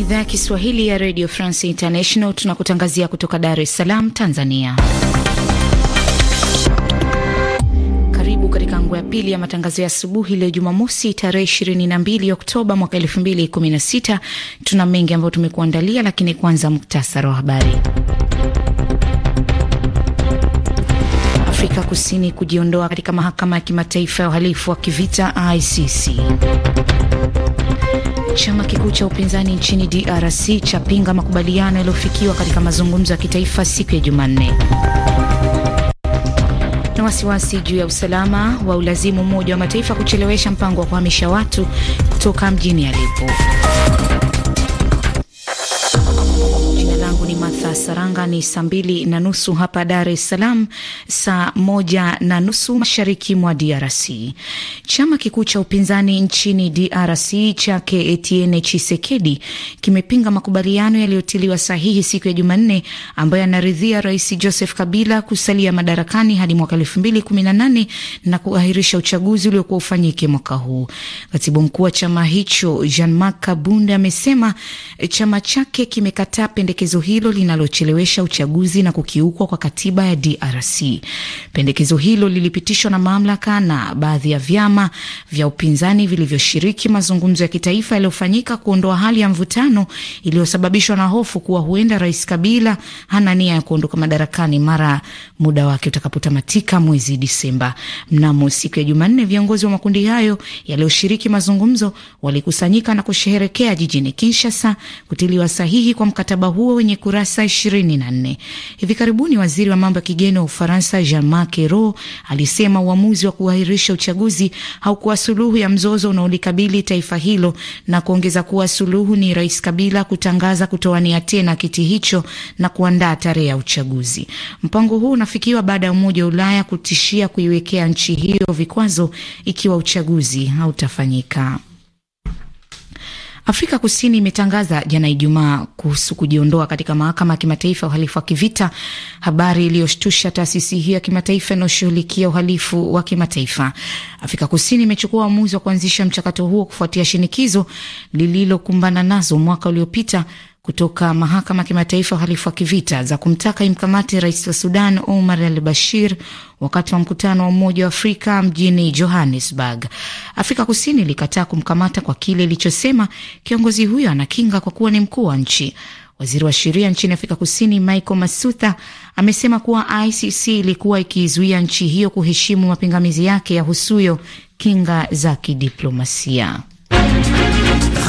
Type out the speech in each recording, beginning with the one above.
idhaa ya Kiswahili ya Radio France International, tunakutangazia kutoka Dar es Salaam, Tanzania. Karibu katika nguo ya pili ya matangazo ya asubuhi leo Jumamosi, tarehe 22 Oktoba mwaka 2016. Tuna mengi ambayo tumekuandalia, lakini kwanza muktasari wa habari. Afrika Kusini kujiondoa katika mahakama ya kimataifa ya uhalifu wa kivita ICC. Chama kikuu cha upinzani nchini DRC chapinga makubaliano yaliyofikiwa katika mazungumzo ya kitaifa siku ya Jumanne. Na wasiwasi juu ya usalama wa ulazimu Umoja wa Mataifa kuchelewesha mpango wa kuhamisha watu kutoka mjini alipo. za Saranga ni saa mbili na nusu hapa Dar es Salaam, saa moja na nusu mashariki mwa DRC. Chama kikuu cha upinzani nchini DRC chake Etienne Chisekedi kimepinga makubaliano yaliyotiliwa sahihi siku ya Jumanne ambayo anaridhia Rais Joseph Kabila kusalia madarakani hadi mwaka elfu mbili kumi na nane na kuahirisha uchaguzi uliokuwa ufanyike mwaka huu. Katibu mkuu wa chama hicho Jean Marc Kabunda amesema chama chake kimekataa pendekezo hilo linalo linalochelewesha uchaguzi na kukiukwa kwa katiba ya DRC. Pendekezo hilo lilipitishwa na mamlaka na baadhi ya vyama vya upinzani vilivyoshiriki mazungumzo ya kitaifa yaliyofanyika kuondoa hali ya mvutano iliyosababishwa na hofu kuwa huenda Rais Kabila hana nia ya kuondoka madarakani mara muda wake utakapotamatika mwezi Disemba. Mnamo siku ya Jumanne, viongozi wa makundi hayo yaliyoshiriki mazungumzo walikusanyika na kusheherekea jijini Kinshasa kutiliwa sahihi kwa mkataba huo wenye kurasa ishirini na nne. Hivi karibuni waziri wa mambo ya kigeni wa Ufaransa Jean-Marc Ayrault alisema uamuzi wa kuahirisha uchaguzi haukuwa suluhu ya mzozo unaolikabili taifa hilo na kuongeza kuwa suluhu ni Rais Kabila kutangaza kutowania tena kiti hicho na kuandaa tarehe ya uchaguzi. Mpango huu unafikiwa baada ya Umoja wa Ulaya kutishia kuiwekea nchi hiyo vikwazo ikiwa uchaguzi hautafanyika. Afrika Kusini imetangaza jana Ijumaa kuhusu kujiondoa katika mahakama ya kimataifa ya uhalifu wa kivita, habari iliyoshtusha taasisi hiyo ya kimataifa inayoshughulikia uhalifu wa kimataifa. Afrika Kusini imechukua uamuzi wa kuanzisha mchakato huo kufuatia shinikizo lililokumbana nazo mwaka uliopita kutoka mahakama ya kimataifa uhalifu wa kivita za kumtaka imkamate rais wa Sudan Omar al Bashir wakati wa mkutano wa Umoja wa Afrika mjini Johannesburg. Afrika Kusini ilikataa kumkamata kwa kile ilichosema kiongozi huyo anakinga kwa kuwa ni mkuu wa nchi. Waziri wa sheria nchini Afrika Kusini Michael Masutha amesema kuwa ICC ilikuwa ikizuia nchi hiyo kuheshimu mapingamizi yake ya husuyo kinga za kidiplomasia.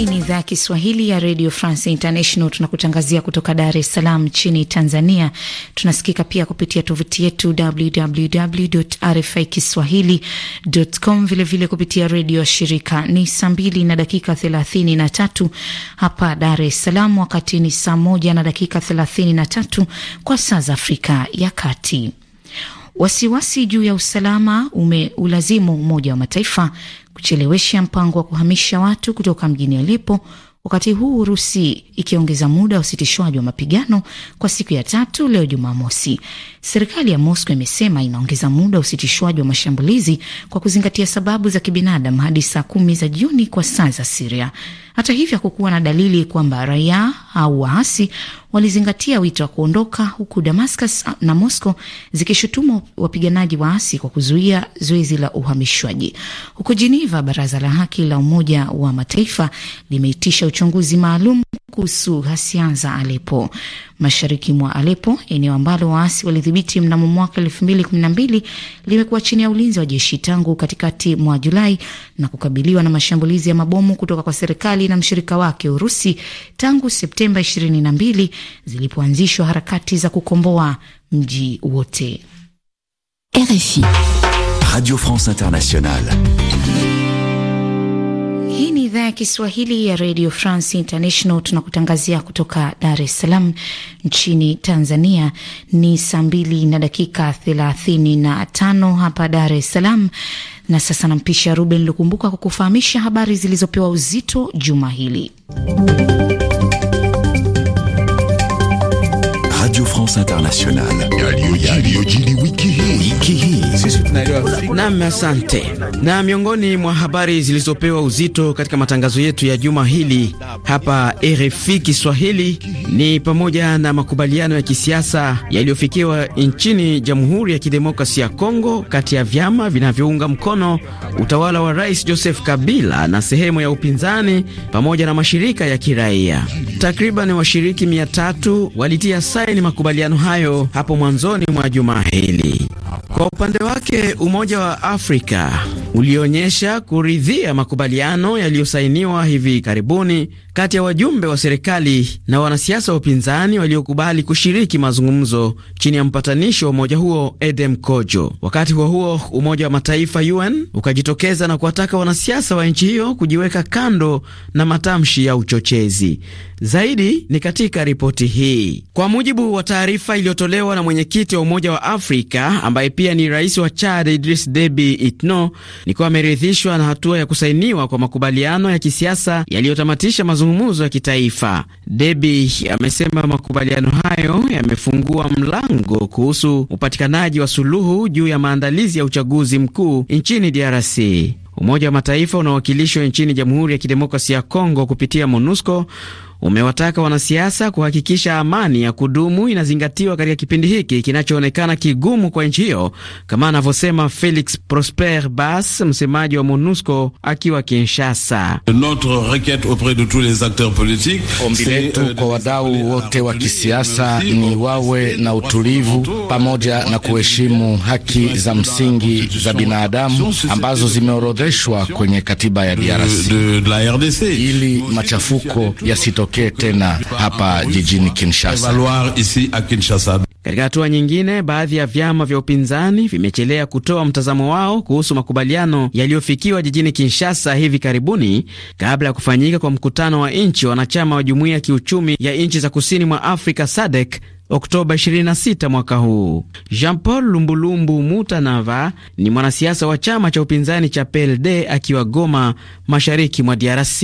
Hii ni idhaa ya Kiswahili ya Radio France International. Tunakutangazia kutoka Dar es Salaam nchini Tanzania. Tunasikika pia kupitia tovuti yetu www RFI kiswahilicom, vilevile kupitia redio ya shirika. Ni saa mbili na dakika thelathini na tatu hapa Dar es Salaam, wakati ni saa moja na dakika thelathini na tatu kwa saa za Afrika ya Kati. Wasiwasi juu ya usalama umeulazimu Umoja wa Mataifa kuchelewesha mpango wa kuhamisha watu kutoka mjini Aleppo, wakati huu Urusi ikiongeza muda wa usitishwaji wa mapigano kwa siku ya tatu leo Jumamosi. Serikali ya Moscow imesema inaongeza muda wa usitishwaji wa mashambulizi kwa kuzingatia sababu za kibinadamu hadi saa kumi za jioni kwa saa za Siria. Hata hivyo, hakukuwa na dalili kwamba raia au waasi walizingatia wito wa kuondoka, huku Damascus ah, na Moscow zikishutumu wapiganaji waasi kwa kuzuia zoezi la uhamishwaji. Huko Geneva, baraza la haki la Umoja wa Mataifa limeitisha uchunguzi maalum kuhusu ghasia za Aleppo mashariki mwa Alepo, eneo ambalo waasi walidhibiti mnamo mwaka elfu mbili kumi na mbili limekuwa chini ya ulinzi wa jeshi tangu katikati mwa Julai na kukabiliwa na mashambulizi ya mabomu kutoka kwa serikali na mshirika wake Urusi tangu Septemba 22 zilipoanzishwa harakati za kukomboa mji wote. RFI Radio France Internationale hii ni idhaa ya Kiswahili ya Radio France International, tunakutangazia kutoka Dar es Salaam nchini Tanzania. Ni saa mbili na dakika thelathini na tano hapa Dar es Salaam. Na sasa nampisha Ruben Lukumbuka kwa kufahamisha habari zilizopewa uzito juma hili. Conférence internationale yaliyojili wiki hii. Wiki hii. asante. Na miongoni mwa habari zilizopewa uzito katika matangazo yetu ya juma hili hapa RFI Kiswahili ni pamoja na makubaliano ya kisiasa yaliyofikiwa nchini Jamhuri ya Kidemokrasia ya Kongo kati ya vyama vinavyounga mkono utawala wa Rais Joseph Kabila na sehemu ya upinzani pamoja na mashirika ya kiraia. Takriban washiriki mia tatu walitia saini makubaliano makubaliano hayo hapo mwanzoni mwa juma hili. Kwa upande wake Umoja wa Afrika ulionyesha kuridhia makubaliano yaliyosainiwa hivi karibuni kati ya wajumbe wa serikali na wanasiasa wa upinzani waliokubali kushiriki mazungumzo chini ya mpatanishi wa umoja huo Edem Kojo. Wakati huo huo, Umoja wa Mataifa UN ukajitokeza na kuwataka wanasiasa wa nchi hiyo kujiweka kando na matamshi ya uchochezi. Zaidi ni katika ripoti hii. Kwa mujibu wa taarifa iliyotolewa na mwenyekiti wa Umoja wa Afrika ambaye pia ni rais wa Chad Idris Deby Itno, Nikuwa ameridhishwa na hatua ya kusainiwa kwa makubaliano ya kisiasa yaliyotamatisha mazungumzo ya kitaifa. Debi amesema makubaliano hayo yamefungua mlango kuhusu upatikanaji wa suluhu juu ya maandalizi ya uchaguzi mkuu nchini DRC. Umoja wa Mataifa unaowakilishwa nchini Jamhuri ya Kidemokrasia ya Kongo kupitia MONUSCO umewataka wanasiasa kuhakikisha amani ya kudumu inazingatiwa katika kipindi hiki kinachoonekana kigumu kwa nchi hiyo, kama anavyosema Felix Prosper Bas, msemaji wa MONUSCO akiwa Kinshasa. Ombi letu euh, kwa wadau wote wa kisiasa ni wawe na utulivu pamoja na kuheshimu haki za msingi za binadamu ambazo zimeorodheshwa kwenye katiba ya DRC ili machafuko yasito isitokee tena hapa jijini Kinshasa. Katika hatua nyingine, baadhi ya vyama vya upinzani vimechelea kutoa mtazamo wao kuhusu makubaliano yaliyofikiwa jijini Kinshasa hivi karibuni kabla ya kufanyika kwa mkutano wa nchi wanachama wa jumuiya ya kiuchumi ya nchi za kusini mwa Afrika SADC Oktoba 26 mwaka huu. Jean Paul Lumbulumbu Mutanava ni mwanasiasa wa chama cha upinzani cha PLD akiwa Goma, mashariki mwa DRC.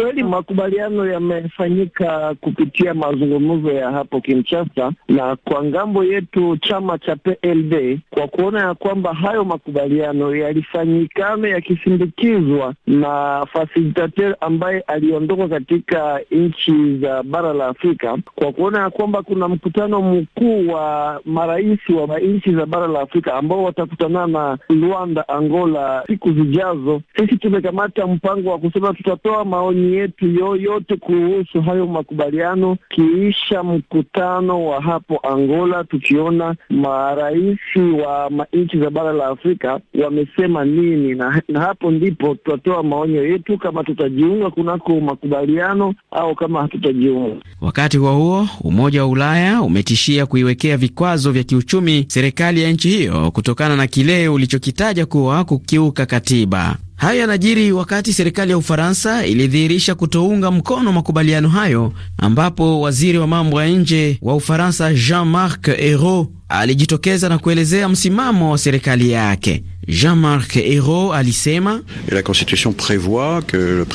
Kweli makubaliano yamefanyika kupitia mazungumzo ya hapo Kinshasa, na kwa ngambo yetu chama cha PLD kwa kuona ya kwamba hayo makubaliano yalifanyikana yakisindikizwa na fasilitater ambaye aliondoka katika nchi za bara la Afrika, kwa kuona ya kwamba kuna mkutano mkuu wa marais wa nchi za bara la Afrika ambao watakutana na Luanda, Angola siku zijazo. Sisi tumekamata mpango wa kusema tutatoa maoni yetu yoyote kuhusu hayo makubaliano kiisha mkutano wa hapo Angola, tukiona marais wa nchi za bara la Afrika wamesema nini, na, na hapo ndipo tutatoa maonyo yetu kama tutajiunga kunako makubaliano au kama hatutajiunga. Wakati huo huo, Umoja wa Ulaya umetishia kuiwekea vikwazo vya kiuchumi serikali ya nchi hiyo kutokana na kile ulichokitaja kuwa kukiuka katiba. Hayo yanajiri wakati serikali ya Ufaransa ilidhihirisha kutounga mkono makubaliano hayo, ambapo waziri wa mambo ya nje wa Ufaransa Jean-Marc Ayrault alijitokeza na kuelezea msimamo wa serikali yake. Jean-Marc Hero alisema la constitution que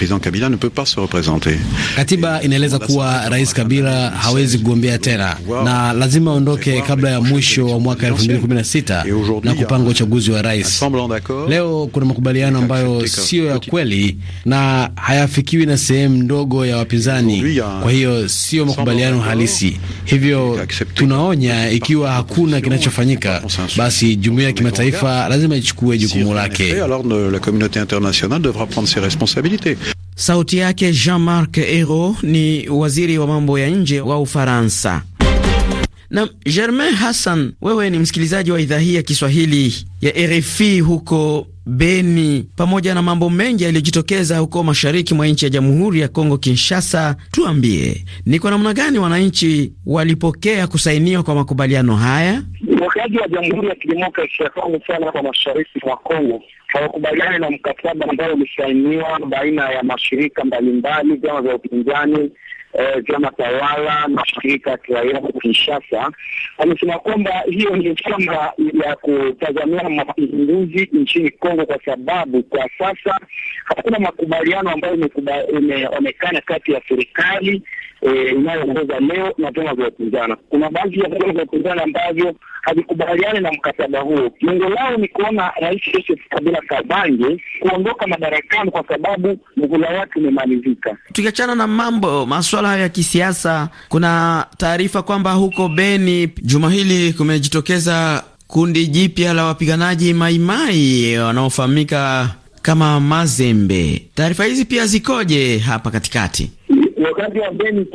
le Kabila ne peut pas se Katiba inaeleza kuwa rais Kabila hawezi kugombea tena na lazima aondoke kabla ya mwisho wa mwaka 2016 na kupanga uchaguzi wa rais. Leo kuna makubaliano ambayo siyo ya kweli na hayafikiwi na sehemu ndogo ya wapinzani, kwa hiyo siyo makubaliano halisi. Hivyo tunaonya ikiwa hakuna hakuna kinachofanyika, basi jumuiya ya kimataifa lazima ichukue jukumu lake. Sauti yake Jean-Marc Ayrault ni waziri wa mambo ya nje wa Ufaransa. Na Germain Hassan, wewe ni msikilizaji wa idhaa hii ya Kiswahili ya RFI huko Beni. Pamoja na mambo mengi yaliyojitokeza huko mashariki mwa nchi ya Jamhuri ya Kongo Kinshasa, tuambie ni kwa namna gani wananchi walipokea kusainiwa kwa makubaliano haya? Upokeaji wa Jamhuri ya Kidemokrasia ya Kongo sana kwa mashariki mwa Kongo hawakubaliani na mkataba ambao ulisainiwa baina ya mashirika mbalimbali, vyama vya upinzani vyama eh, e, tawala mashirika ya kiraia Kinshasa, amesema kwamba hiyo ni shamba ya kutazamia mapinduzi nchini Kongo, kwa sababu kwa sasa hakuna makubaliano ambayo imeonekana kati ya serikali eh, inayoongoza leo na vyama vya upinzani. Kuna baadhi ya vyama vya upinzani ambavyo havikubaliani na mkataba huo. Lengo lao ni kuona Rais Joseph Kabila Kabange kuondoka madarakani kwa sababu muhula wake umemalizika. Tukiachana na mambo masuala ya kisiasa, kuna taarifa kwamba huko Beni juma hili kumejitokeza kundi jipya la wapiganaji maimai wanaofahamika kama Mazembe. Taarifa hizi pia zikoje hapa katikati? wakazi wa Beni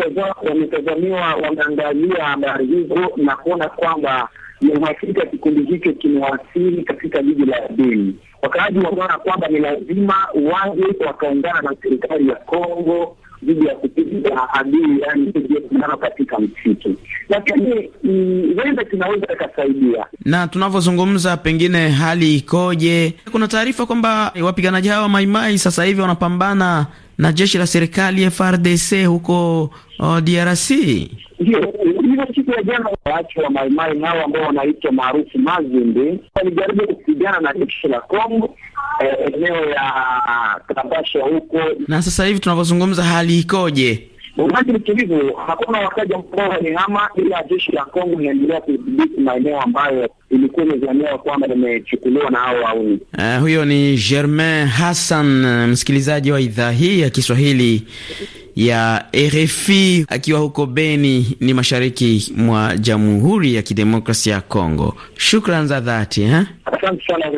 wametazamiwa, wameangalia habari hizo na kuona kwamba ni uhakika kikundi hicho kimewasili katika jiji la Beni. Wakaaji wanaona kwamba ni lazima waje wakaungana na serikali ya Kongo dhidi ya kupiga adui, yani kujiandamana katika msitu, lakini mm, huenda kinaweza ikasaidia. Na tunavyozungumza, pengine hali ikoje? Kuna taarifa kwamba eh, wapiganaji hawa maimai sasa hivi wanapambana na jeshi la serikali FRDC huko uh, DRC? Ndio, hiyo siku ya jana waachi wa maimai hao ambao wanaitwa maarufu Mazimbi walijaribu kupigana na jeshi la Kongo eh, eneo ya Kabasha huko. Na sasa hivi tunavyozungumza hali ikoje? ni mtulivu, hakuna wakaja ambao walihama, ila jeshi la Kongo inaendelea kudhibiti maeneo ambayo ilikuwa imezaniwa kwamba limechukuliwa na hao wauni. Uh, huyo ni Germain Hassan, msikilizaji wa idhaa hii ya Kiswahili ya RFI akiwa huko Beni ni mashariki mwa Jamhuri ya Kidemokrasia ya Kongo. Shukran za dhati eh? Asante sana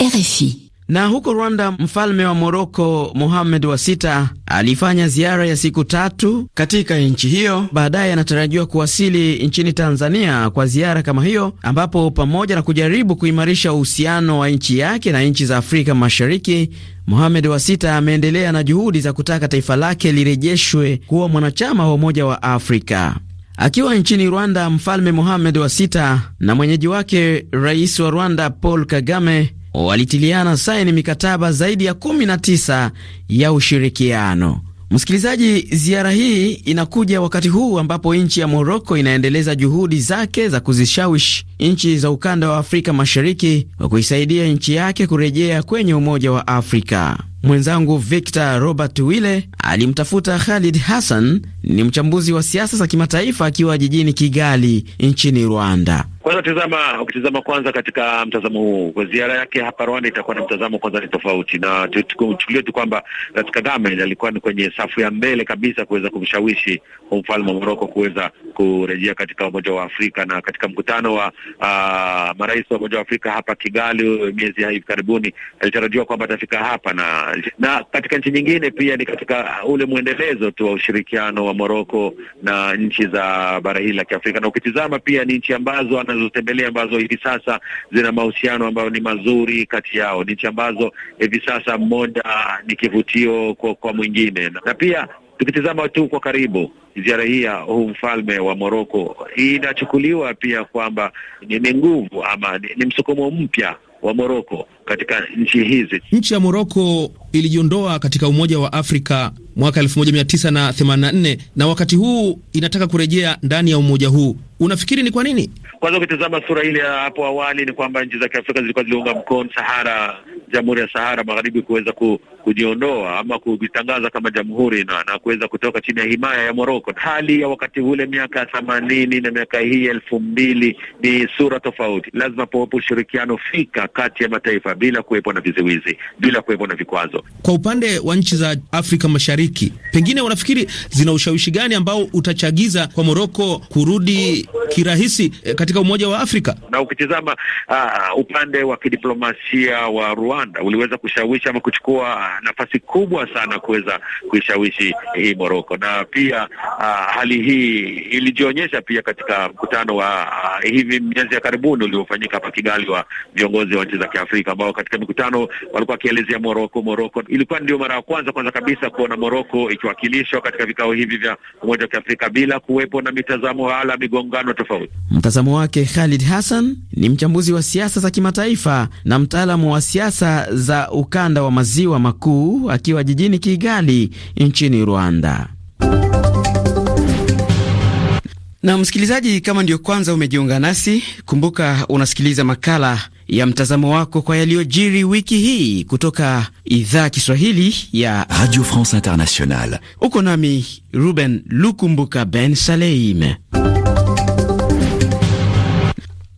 RFI. Na huko Rwanda, mfalme wa Moroko Mohamed wa sita alifanya ziara ya siku tatu katika nchi hiyo. Baadaye anatarajiwa kuwasili nchini Tanzania kwa ziara kama hiyo, ambapo pamoja na kujaribu kuimarisha uhusiano wa nchi yake na nchi za Afrika Mashariki, Mohamed wa sita ameendelea na juhudi za kutaka taifa lake lirejeshwe kuwa mwanachama wa Umoja wa Afrika. Akiwa nchini Rwanda, mfalme Mohamed wa sita na mwenyeji wake rais wa Rwanda Paul Kagame walitiliana saini mikataba zaidi ya 19 ya ushirikiano. Msikilizaji, ziara hii inakuja wakati huu ambapo nchi ya Moroko inaendeleza juhudi zake za kuzishawishi nchi za ukanda wa Afrika Mashariki kwa kuisaidia nchi yake kurejea kwenye Umoja wa Afrika. Mwenzangu Victor Robert Wille alimtafuta Khalid Hassan, ni mchambuzi wa siasa za kimataifa akiwa jijini Kigali nchini Rwanda. Kwanza tizama, ukitizama kwanza katika mtazamo huu, ziara yake hapa Rwanda itakuwa na mtazamo kwanza ni tofauti, na chukulie tu kwamba Rais Kagame alikuwa ni kwenye safu ya mbele kabisa kuweza kumshawishi mfalme wa Moroko kuweza kurejea katika umoja wa Afrika, na katika mkutano wa uh, marais wa Umoja wa Afrika hapa Kigali miezi hivi karibuni, alitarajiwa kwamba atafika hapa na na katika nchi nyingine pia. Ni katika ule mwendelezo tu wa ushirikiano wa Moroko na nchi za bara hili la Kiafrika, na ukitizama pia ni nchi ambazo anazotembelea ambazo hivi sasa zina mahusiano ambayo ni mazuri kati yao, ni nchi ambazo hivi sasa mmoja ni kivutio kwa, kwa mwingine na, na pia Tukitizama tu kwa karibu ziara hii ya huu mfalme wa Moroko inachukuliwa pia kwamba ni nguvu ama ni, ni msukumo mpya wa Moroko katika nchi hizi. Nchi ya Moroko ilijiondoa katika Umoja wa Afrika mwaka 1984 na na wakati huu inataka kurejea ndani ya umoja huu. Unafikiri ni kwa nini? Kwanza ukitizama sura ile ya hapo awali ni kwamba nchi za Kiafrika zilikuwa ziliunga mkono Sahara, Jamhuri ya Sahara Magharibi kuweza ku kujiondoa ama kujitangaza kama jamhuri na, na kuweza kutoka chini ya himaya ya Moroko. Hali ya wakati ule miaka themanini na miaka hii elfu mbili ni sura tofauti. Lazima pawepo ushirikiano fika kati ya mataifa bila kuwepo na viziwizi, bila kuwepo na vikwazo. Kwa upande wa nchi za Afrika Mashariki, pengine unafikiri zina ushawishi gani ambao utachagiza kwa Moroko kurudi kirahisi eh, katika Umoja wa Afrika? Na ukitizama uh, upande wa kidiplomasia wa Rwanda uliweza kushawishi ama kuchukua nafasi kubwa sana kuweza kuishawishi hii Moroko, na pia uh, hali hii ilijionyesha pia katika mkutano wa uh, hivi miezi ya karibuni uliofanyika hapa Kigali wa viongozi wa nchi za Kiafrika ambao katika mikutano walikuwa wakielezea Moroko. Moroko ilikuwa ndio mara ya kwanza kwanza kabisa kuona Moroko ikiwakilishwa katika vikao hivi vya Umoja wa Kiafrika bila kuwepo na mitazamo wala migongano tofauti. Mtazamo wake Khalid Hassan ni mchambuzi wa siasa za kimataifa na mtaalamu wa siasa za ukanda wa maziwa makuu akiwa jijini Kigali nchini Rwanda. Na msikilizaji, kama ndiyo kwanza umejiunga nasi, kumbuka unasikiliza makala ya mtazamo wako kwa yaliyojiri wiki hii kutoka idhaa Kiswahili ya Radio France Internationale. Uko nami Ruben Lukumbuka Ben Saleim.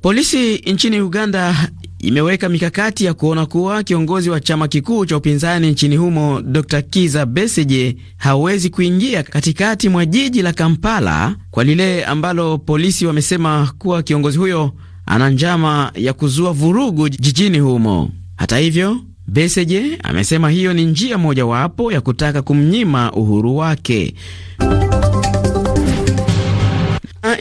Polisi nchini Uganda imeweka mikakati ya kuona kuwa kiongozi wa chama kikuu cha upinzani nchini humo Dr Kiza Besigye hawezi kuingia katikati mwa jiji la Kampala kwa lile ambalo polisi wamesema kuwa kiongozi huyo ana njama ya kuzua vurugu jijini humo. Hata hivyo, Besigye amesema hiyo ni njia mojawapo ya kutaka kumnyima uhuru wake.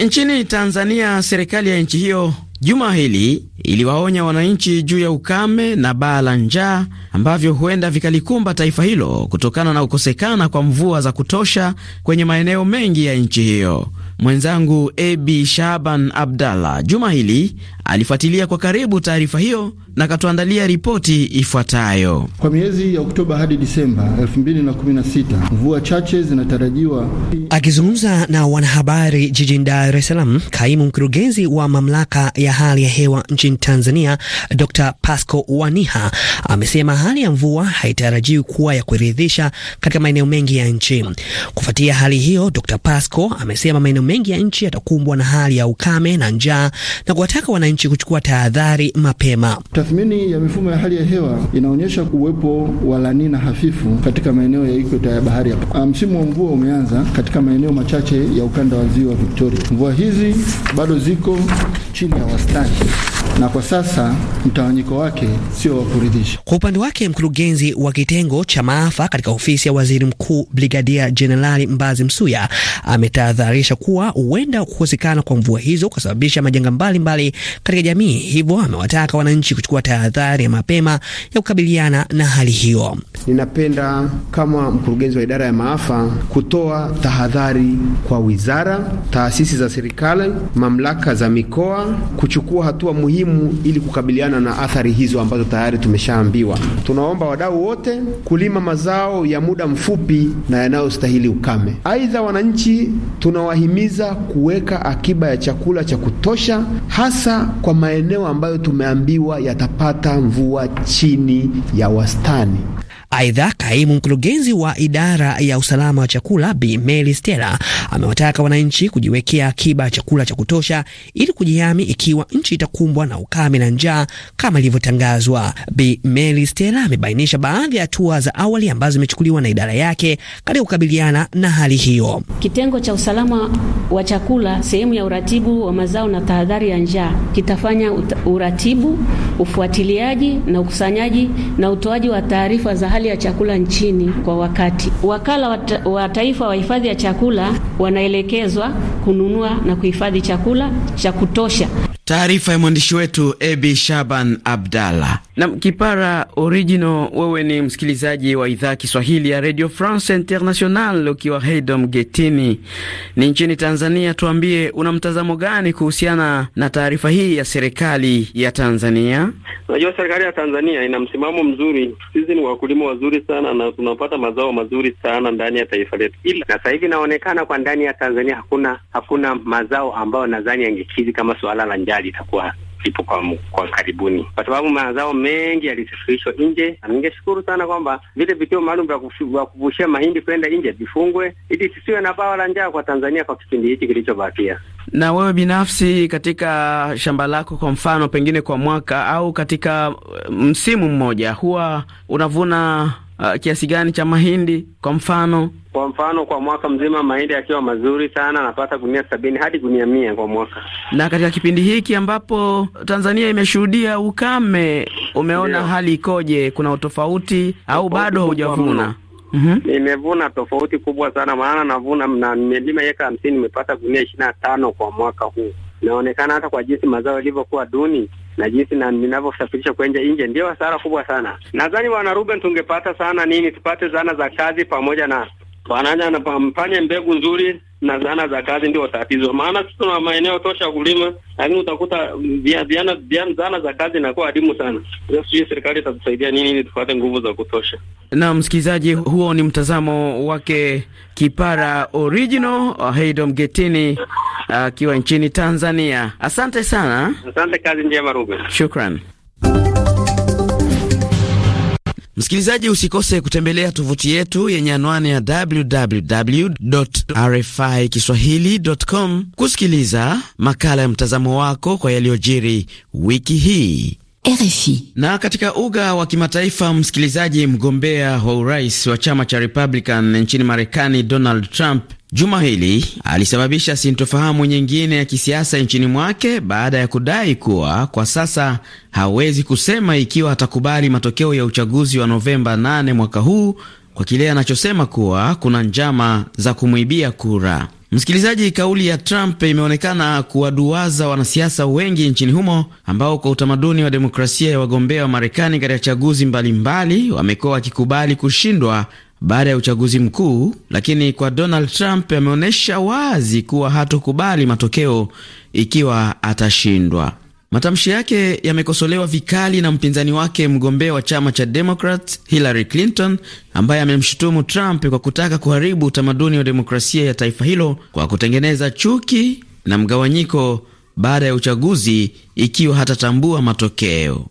Nchini Tanzania, serikali ya nchi hiyo Juma hili iliwaonya wananchi juu ya ukame na baa la njaa ambavyo huenda vikalikumba taifa hilo kutokana na kukosekana kwa mvua za kutosha kwenye maeneo mengi ya nchi hiyo. Mwenzangu Abi Shaban Abdallah juma hili alifuatilia kwa karibu taarifa hiyo na akatuandalia ripoti ifuatayo. Kwa miezi ya Oktoba hadi Disemba 2016 mvua chache zinatarajiwa. Akizungumza na wanahabari jijini Dar es Salaam, kaimu mkurugenzi wa mamlaka ya hali ya hewa nchini Tanzania Dr Pasco Waniha amesema hali ya mvua haitarajiwi kuwa ya kuridhisha katika maeneo mengi ya nchi. Kufuatia hali hiyo, Dr Pasco amesema maeneo mengi ya nchi yatakumbwa na hali ya ukame na njaa na kuwataka wananchi wananchi kuchukua tahadhari mapema. Tathmini ya mifumo ya hali ya hewa inaonyesha uwepo wa lanina hafifu katika maeneo ya ikweta ya bahari hapa. Msimu wa mvua umeanza katika maeneo machache ya ukanda wa ziwa Victoria. Mvua hizi bado ziko chini ya wastani na kwa sasa mtawanyiko wake sio wa kuridhisha. Kwa upande wake, mkurugenzi wa kitengo cha maafa katika ofisi ya waziri mkuu Brigadia Jenerali Mbazi Msuya ametahadharisha kuwa huenda kukosekana kwa mvua hizo kusababisha majanga mbalimbali katika jamii, hivyo amewataka wananchi kuchukua tahadhari ya mapema ya kukabiliana na hali hiyo. Ninapenda kama mkurugenzi wa idara ya maafa kutoa tahadhari kwa wizara, taasisi za serikali, mamlaka za mikoa kuchukua hatua muhimu ili kukabiliana na athari hizo ambazo tayari tumeshaambiwa. Tunaomba wadau wote kulima mazao ya muda mfupi na yanayostahili ukame. Aidha, wananchi tunawahimiza kuweka akiba ya chakula cha kutosha hasa kwa maeneo ambayo tumeambiwa yatapata mvua chini ya wastani. Aidha, kaimu mkurugenzi wa idara ya usalama wa chakula Bi Mary Stella amewataka wananchi kujiwekea akiba ya chakula cha kutosha ili kujihami ikiwa nchi itakumbwa na ukame na njaa kama ilivyotangazwa. Bi Mary Stella amebainisha baadhi ya hatua za awali ambazo zimechukuliwa na idara yake katika kukabiliana na hali hiyo. Kitengo cha usalama wa chakula sehemu ya uratibu wa mazao na tahadhari ya njaa kitafanya uratibu, ufuatiliaji na ukusanyaji na utoaji wa taarifa za hali hali ya chakula nchini kwa wakati. Wakala wa Taifa wa Hifadhi ya Chakula wanaelekezwa kununua na kuhifadhi chakula cha kutosha Taarifa ya mwandishi wetu Ebi Shaban Abdalla. Na Kipara Original, wewe ni msikilizaji wa idhaa Kiswahili ya Radio France International ukiwa Hedom Getini ni nchini Tanzania. Tuambie, una mtazamo gani kuhusiana na taarifa hii ya serikali ya Tanzania? Unajua, serikali ya Tanzania ina msimamo mzuri. Sisi ni wakulima wazuri sana na tunapata mazao mazuri sana ndani ya taifa letu, ila na sasa hivi inaonekana kwa ndani ya Tanzania hakuna hakuna mazao ambayo nadhani yangekizi kama suala la njaa hali itakuwa ipo kwa, kwa karibuni, kwa sababu mazao mengi yalisafirishwa nje, na ningeshukuru sana kwamba vile vituo maalum vya kuvushia mahindi kwenda nje vifungwe ili tusiwe na bawa la njaa kwa Tanzania kwa kipindi hiki kilichobakia. Na wewe binafsi, katika shamba lako, kwa mfano, pengine kwa mwaka au katika eh, msimu mmoja, huwa unavuna uh, kiasi gani cha mahindi kwa mfano? Kwa mfano kwa mwaka mzima mahindi yakiwa mazuri sana anapata gunia sabini hadi gunia mia kwa mwaka. Na katika kipindi hiki ambapo Tanzania imeshuhudia ukame, umeona yeah, hali ikoje? Kuna utofauti au bado haujavuna? Mm -hmm. tofauti kubwa sana maana navuna na nimelima eka hamsini nimepata gunia ishirini na tano kwa mwaka huu. Inaonekana hata kwa jinsi mazao yalivyokuwa duni, na jinsi na ninavyosafirisha kwenye nje, ndio hasara kubwa sana. Nadhani bwana Ruben, tungepata sana nini, tupate zana za kazi pamoja na wananya mfanye mbegu nzuri na zana za kazi ndio tatizo, maana sisi tuna maeneo tosha kulima, lakini utakuta mm, viana zana za kazi inakuwa adimu sana. Sijui serikali itatusaidia nini ili tupate nguvu za kutosha. Na msikilizaji, huo ni mtazamo wake Kipara Original Haydom Getini akiwa uh, nchini Tanzania. Asante sana, asante. Kazi njema Ruben, shukran. Msikilizaji, usikose kutembelea tovuti yetu yenye anwani ya kiswahilicom kusikiliza makala ya mtazamo wako kwa yaliyojiri wiki hii. RFI. Na katika uga wa kimataifa, msikilizaji, mgombea wa urais wa chama cha Republican nchini Marekani Donald Trump juma hili alisababisha sintofahamu nyingine ya kisiasa nchini mwake baada ya kudai kuwa kwa sasa hawezi kusema ikiwa atakubali matokeo ya uchaguzi wa Novemba 8 mwaka huu kwa kile anachosema kuwa kuna njama za kumwibia kura. Msikilizaji, kauli ya Trump imeonekana kuwaduaza wanasiasa wengi nchini humo ambao kwa utamaduni wa demokrasia ya wagombea wa Marekani katika chaguzi mbalimbali wamekuwa wakikubali kushindwa baada ya uchaguzi mkuu, lakini kwa Donald Trump ameonyesha wazi kuwa hatokubali matokeo ikiwa atashindwa. Matamshi yake yamekosolewa vikali na mpinzani wake mgombea wa chama cha demokrat Hillary Clinton, ambaye amemshutumu Trump kwa kutaka kuharibu utamaduni wa demokrasia ya taifa hilo kwa kutengeneza chuki na mgawanyiko baada ya uchaguzi ikiwa hatatambua matokeo.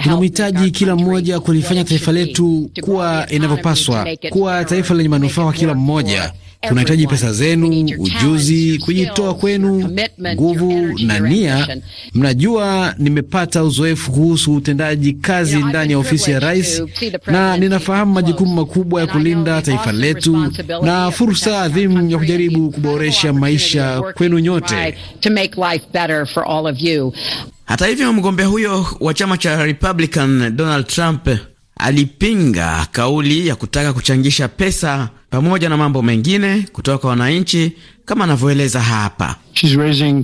Tunamhitaji kila mmoja kulifanya taifa letu kuwa inavyopaswa, kuwa taifa lenye manufaa kwa kila mmoja Tunahitaji pesa zenu, ujuzi, kujitoa kwenu, nguvu na nia. Mnajua, nimepata uzoefu kuhusu utendaji kazi ndani ya ofisi ya rais, na ninafahamu majukumu makubwa ya kulinda taifa letu na fursa adhimu ya kujaribu kuboresha maisha kwenu nyote. Hata hivyo, mgombea huyo wa chama cha Republican Donald Trump alipinga kauli ya kutaka kuchangisha pesa pamoja na mambo mengine kutoka kwa wananchi kama anavyoeleza hapa. She's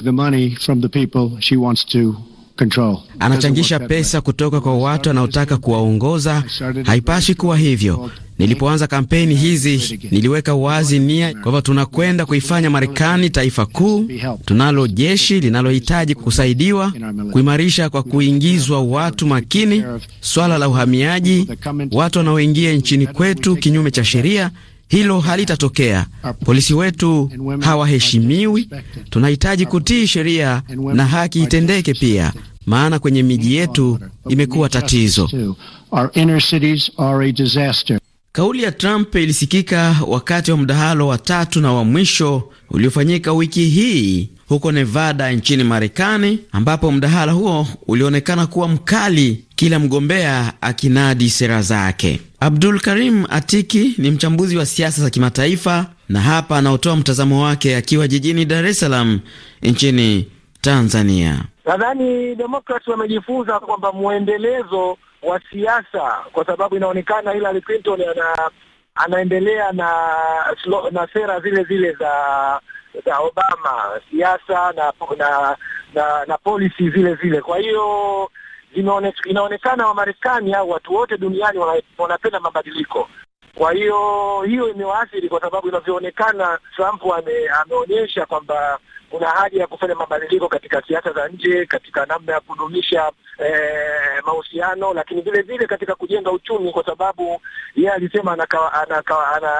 the money from the she wants to control. Anachangisha pesa kutoka kwa watu anaotaka kuwaongoza. Haipashi kuwa hivyo. Nilipoanza kampeni hizi niliweka wazi nia kwamba tunakwenda kuifanya Marekani taifa kuu. Tunalo jeshi linalohitaji kusaidiwa, kuimarisha kwa kuingizwa watu makini, swala la uhamiaji, watu wanaoingia nchini kwetu kinyume cha sheria hilo halitatokea. Polisi wetu hawaheshimiwi. Tunahitaji kutii sheria na haki itendeke pia, maana kwenye miji yetu imekuwa tatizo. Kauli ya Trump ilisikika wakati wa mdahalo wa tatu na wa mwisho uliofanyika wiki hii huko Nevada nchini Marekani, ambapo mdahalo huo ulionekana kuwa mkali, kila mgombea akinadi sera zake. Abdul Karim Atiki ni mchambuzi wa siasa za kimataifa na hapa anaotoa mtazamo wake akiwa jijini Dar es Salaam nchini Tanzania. Nadhani Demokrat wamejifunza kwamba mwendelezo wa siasa, kwa sababu inaonekana Hillary Clinton ana, anaendelea na na sera zile zile za za Obama, siasa na na, na, na policy zile zile. Kwa hiyo inaonekana Wamarekani au watu wote duniani wanapenda mabadiliko. Kwa hiyo hiyo imewaathiri, kwa sababu inavyoonekana Trump ame, ameonyesha kwamba kuna haja ya kufanya mabadiliko katika siasa za nje, katika namna ya kudumisha e, mahusiano, lakini vile vile katika kujenga uchumi, kwa sababu yeye alisema anaka, anaka,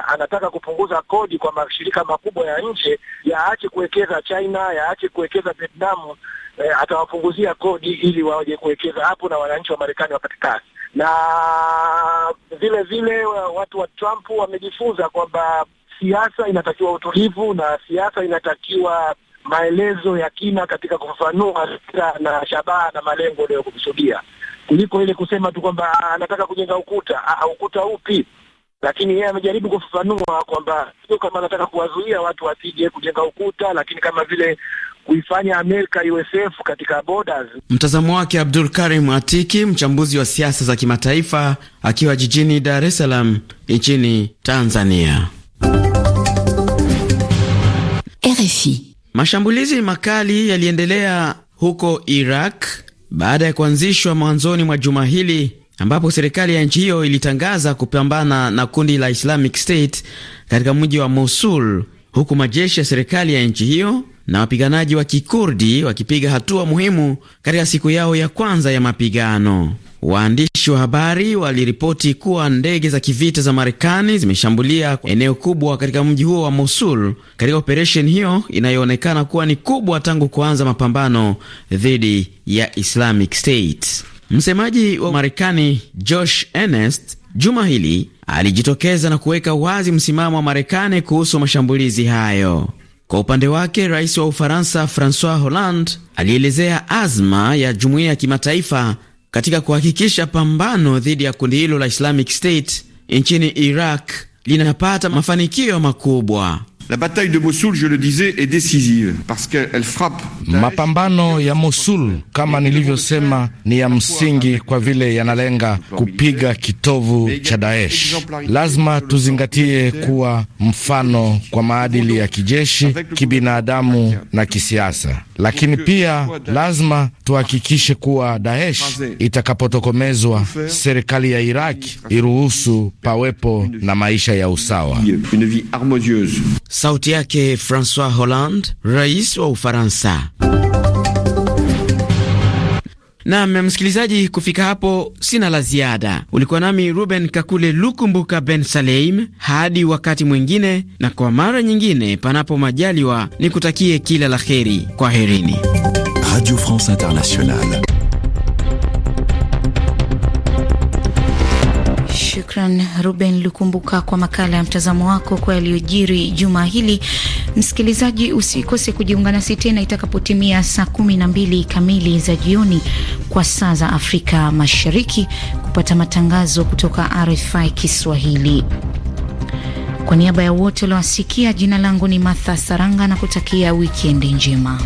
anataka kupunguza kodi kwa mashirika makubwa ya nje, yaache kuwekeza China, yaache kuwekeza Vietnam. E, atawapunguzia kodi ili waje kuwekeza hapo na wananchi wa Marekani wapate kazi na vile vile eh, watu wa Trump wamejifunza kwamba siasa inatakiwa utulivu na siasa inatakiwa maelezo ya kina katika kufafanua sera na shabaha na malengo unayokukusudia, kuliko ile kusema tu kwamba ah, anataka kujenga ukuta. Aa, ah, ah, ukuta upi? Lakini yeye amejaribu kufafanua kwamba sio kama anataka kuwazuia watu wasije kujenga ukuta, lakini kama vile kuifanya Amerika iwe safe katika borders. Mtazamo wake Abdul Karim Atiki, mchambuzi wa siasa za kimataifa, akiwa jijini Dar es Salaam nchini Tanzania. RFI Mashambulizi makali yaliendelea huko Iraq baada ya kuanzishwa mwanzoni mwa juma hili ambapo serikali ya nchi hiyo ilitangaza kupambana na kundi la Islamic State katika mji wa Mosul, huku majeshi ya serikali ya nchi hiyo na wapiganaji wa Kikurdi wakipiga hatua muhimu katika siku yao ya kwanza ya mapigano. Waandishi wa habari waliripoti kuwa ndege za kivita za Marekani zimeshambulia eneo kubwa katika mji huo wa Mosul katika operesheni hiyo inayoonekana kuwa ni kubwa tangu kuanza mapambano dhidi ya Islamic State. Msemaji wa Marekani Josh Ernest juma hili alijitokeza na kuweka wazi msimamo wa Marekani kuhusu mashambulizi hayo. Kwa upande wake, rais wa Ufaransa Francois Hollande alielezea azma ya jumuiya ya kimataifa katika kuhakikisha pambano dhidi ya kundi hilo la Islamic State nchini Iraq linapata mafanikio makubwa. La bataille de Mosul, je le disais, est parce qu'elle frappe. Mapambano ya Mosul kama nilivyosema ni ya msingi kwa vile yanalenga kupiga kitovu cha Daesh. Lazima tuzingatie kuwa mfano kwa maadili ya kijeshi, kibinadamu na kisiasa lakini pia lazima tuhakikishe kuwa Daesh itakapotokomezwa, serikali ya Iraki iruhusu pawepo na maisha ya usawa. Sauti yake Francois Hollande, rais wa Ufaransa. Nam msikilizaji, kufika hapo sina la ziada. Ulikuwa nami Ruben Kakule Lukumbuka Ben Saleim, hadi wakati mwingine, na kwa mara nyingine, panapo majaliwa, nikutakie kila la heri. Kwa herini. Radio France Internationale. Shukran Ruben Lukumbuka kwa makala ya mtazamo wako kwa yaliyojiri juma hili Msikilizaji, usikose kujiunga nasi tena itakapotimia saa kumi na mbili kamili za jioni kwa saa za Afrika Mashariki kupata matangazo kutoka RFI Kiswahili. Kwa niaba ya wote waliowasikia, jina langu ni Martha Saranga na kutakia wikendi njema.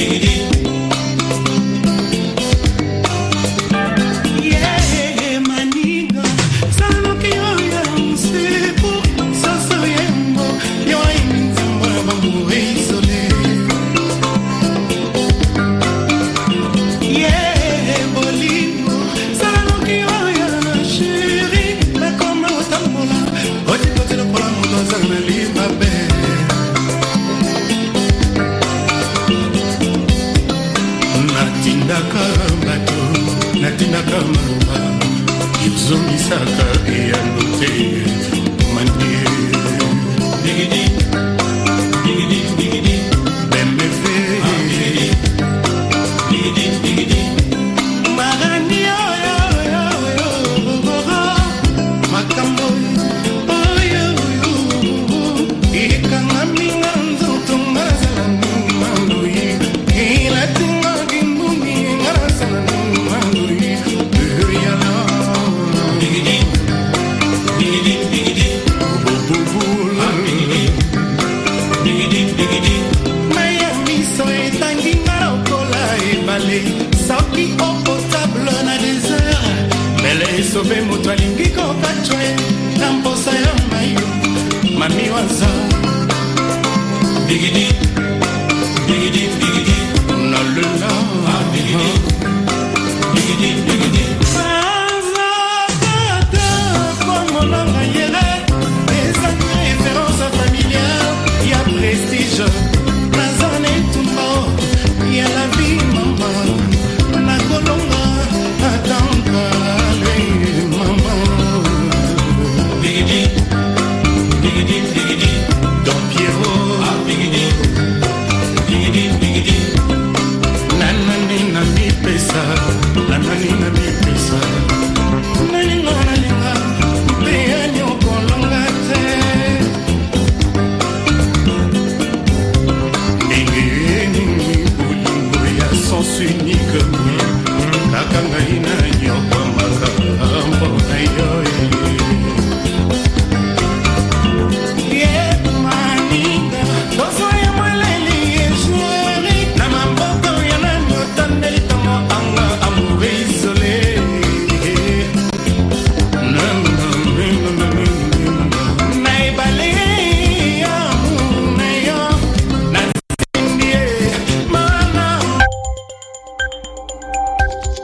Did